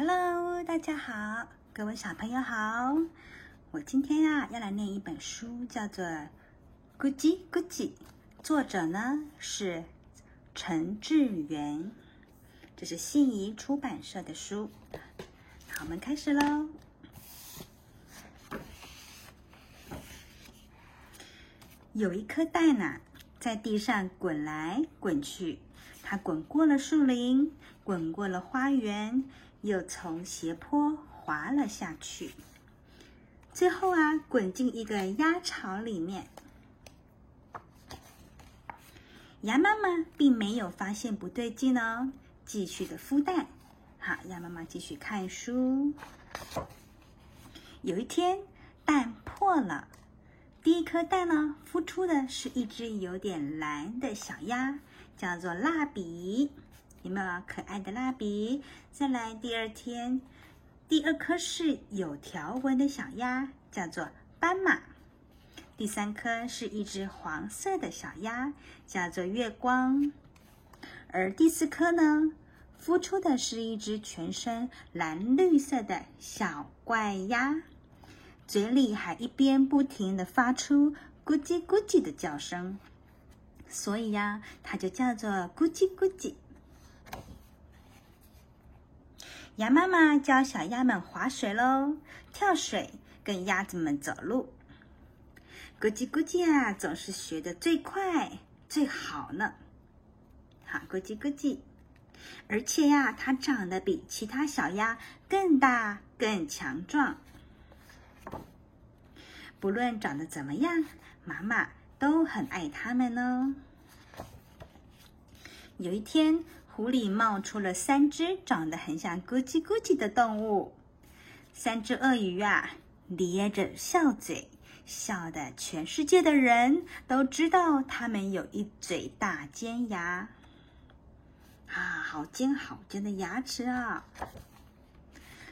Hello，大家好，各位小朋友好。我今天啊要來念一本書，叫做《咕嘰咕嘰》，作者呢是陳致元，這是信誼出版社的書。好，我們開始嘍。有一顆蛋呢，在地上滾來滾去，它滾過了樹林，滾過了花園。又從斜坡滑了下去，最後啊，滾進一個鴨巢裡面。鴨媽媽並沒有發現不對勁哦，繼續的孵蛋。好，鴨媽媽繼續看書。有一天，蛋破了，第一顆蛋呢，孵出的是一隻有點藍的小鴨，叫做蠟筆。有沒有可愛的蠟筆？再來第二天，第二顆是有條紋的小鴨，叫做斑馬；第三顆是一隻黃色的小鴨，叫做月光；而第四顆呢，孵出的是一隻全身藍綠色的小怪鴨，嘴裡還一邊不停的發出咕嘰咕嘰的叫聲，所以呀，它就叫做咕嘰咕嘰。鴨媽媽教小鴨們划水嘍，跳水，跟鴨子們走路。咕嘰咕嘰呀，總是學得最快最好呢。好，咕嘰咕嘰，而且呀、啊，它長得比其他小鴨更大更強壯。不論長得怎麼樣，媽媽都很愛它們呢。有一天。湖裡冒出了三隻長得很像咕嘰咕嘰的動物，三隻鱷魚啊，咧着笑嘴，笑得全世界的人都知道它們有一嘴大尖牙。啊，好尖好尖的牙齒啊！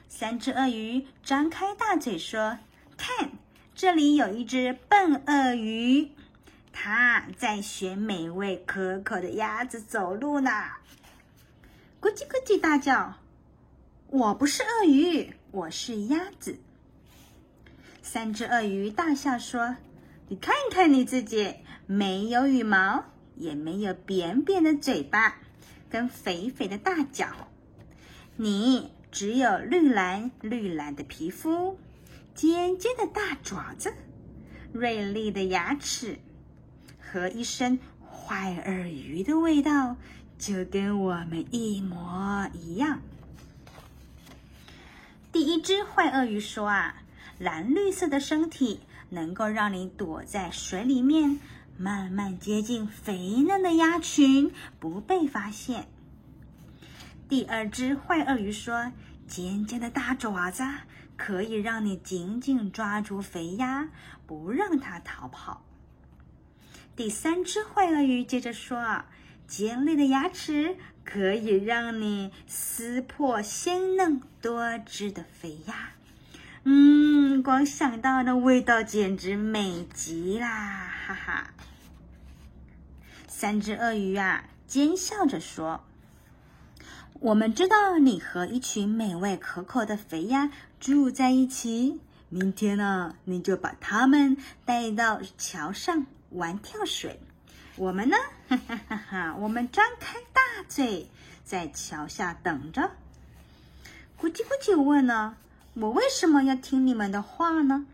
三隻鱷魚張開大嘴說：“看，這裡有一隻笨鱷魚，它在學美味可口的鴨子走路呢。”“咕嘰咕嘰”大叫，“我不是鱷魚，我是鴨子。”三隻鱷魚大笑說：“你看看你自己，沒有羽毛，也沒有扁扁的嘴巴，跟肥肥的大腳。你只有綠藍綠藍的皮膚，尖尖的大爪子，銳利的牙齒，和一身壞鱷魚的味道。”就跟我們一模一樣。第一只壞鱷魚說：“啊，藍綠色的身體能夠讓你躲在水裡面，慢慢接近肥嫩的鴨群，不被發現。”第二只壞鱷魚說：“尖尖的大爪子可以讓你緊緊抓住肥鴨，不讓它逃跑。”第三只壞鱷魚接着說：“啊。”尖利的牙齒可以讓你撕破鮮嫩多汁的肥鴨，嗯，光想到的味道簡直美極啦，哈哈！三只鱷魚啊，奸笑着說：“我們知道你和一群美味可口的肥鴨住在一起，明天呢、啊，你就把它們帶到橋上玩跳水。”我們呢？ 我們張開大嘴，在橋下等着。咕嘰咕嘰問呢、啊，我為什麼要聽你們的話呢？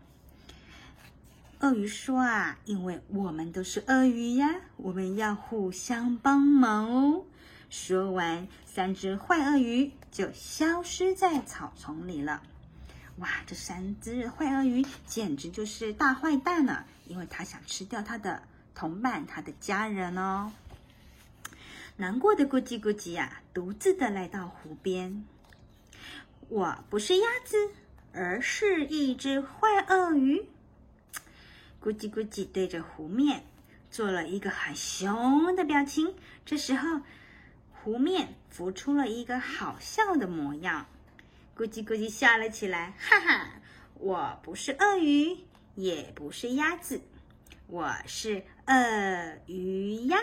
鱷魚說啊，因為我們都是鱷魚呀，我們要互相幫忙哦。說完，三隻壞鱷魚就消失在草叢裡了。哇，這三隻壞鱷魚簡直就是大壞蛋了，啊，因為它想吃掉它的。同伴，他的家人哦。難過的咕嘰咕嘰啊，獨自的來到湖邊。我不是鴨子，而是一隻壞鱷魚。咕嘰咕嘰對着湖面做了一個很凶的表情。這時候，湖面浮出了一個好笑的模樣。咕嘰咕嘰笑了起來，哈哈！我不是鱷魚，也不是鴨子。我是鱷魚鴨，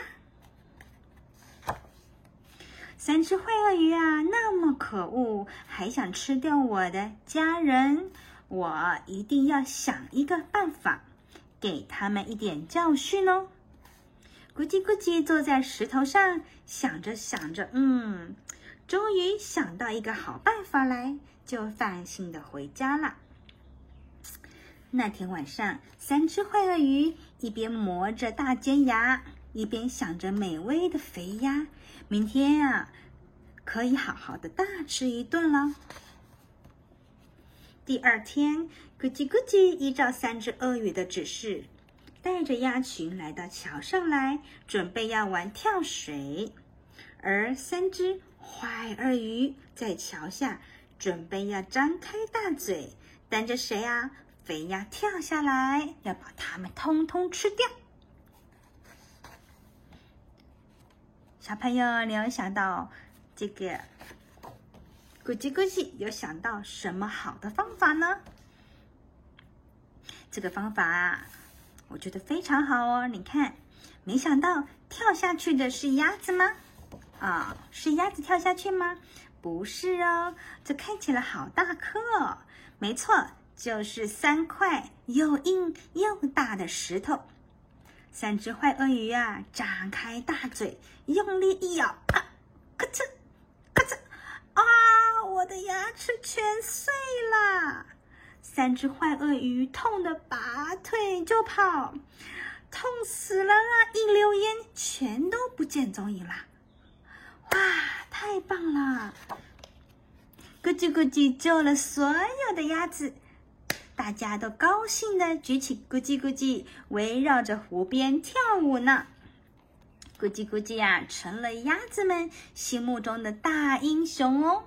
三隻壞鱷魚啊，那麼可惡，還想吃掉我的家人，我一定要想一個辦法，給他們一點教訓哦。咕嘰咕嘰坐在石頭上，想着想着，嗯，終於想到一個好辦法來，就放心的回家了。那天晚上，三隻壞鱷魚一邊磨着大尖牙，一邊想着美味的肥鴨。明天啊，可以好好的大吃一頓了。第二天，咕嘰咕嘰依照三隻鱷魚的指示，帶着鴨群來到橋上來，準備要玩跳水。而三隻壞鱷魚在橋下，準備要張開大嘴，等着誰啊？肥鴨跳下來，要把它們通通吃掉。小朋友，你有想到這個？咕嘰咕嘰有想到什麼好的方法呢？這個方法啊，我覺得非常好哦！你看，沒想到跳下去的是鴨子嗎？啊，是鴨子跳下去嗎？不是哦，這看起來好大顆哦。沒錯。就是三塊又硬又大的石頭，三隻壞鱷魚啊，張開大嘴，用力一咬，啪、啊，咔嚓，咔嚓，啊，我的牙齒全碎啦！三隻壞鱷魚痛得拔腿就跑，痛死了啦！一溜煙，全都不見蹤影了。哇，太棒了！咕嘰咕嘰救了所有的鴨子。大家都高興地舉起咕嘰咕嘰，圍繞着湖邊跳舞呢。咕嘰咕嘰呀、啊，成了鴨子們心目中的大英雄哦。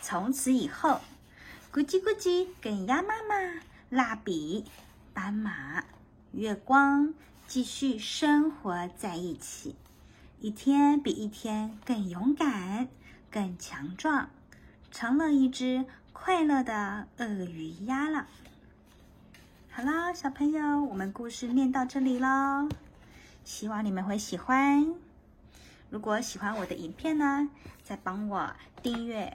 從此以後，咕嘰咕嘰跟鴨媽媽、蠟筆、斑馬、月光繼續生活在一起，一天比一天更勇敢、更強壯。成了一隻快樂的鱷魚鴨了。好啦，小朋友，我們故事念到這裡嘍，希望你們會喜歡。如果喜歡我的影片呢，再幫我訂閱、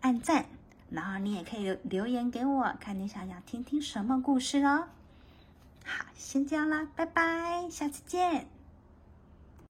按讚，然後你也可以留留言給我，看你想要聽聽什麼故事哦。好，先這樣啦，拜拜，下次見。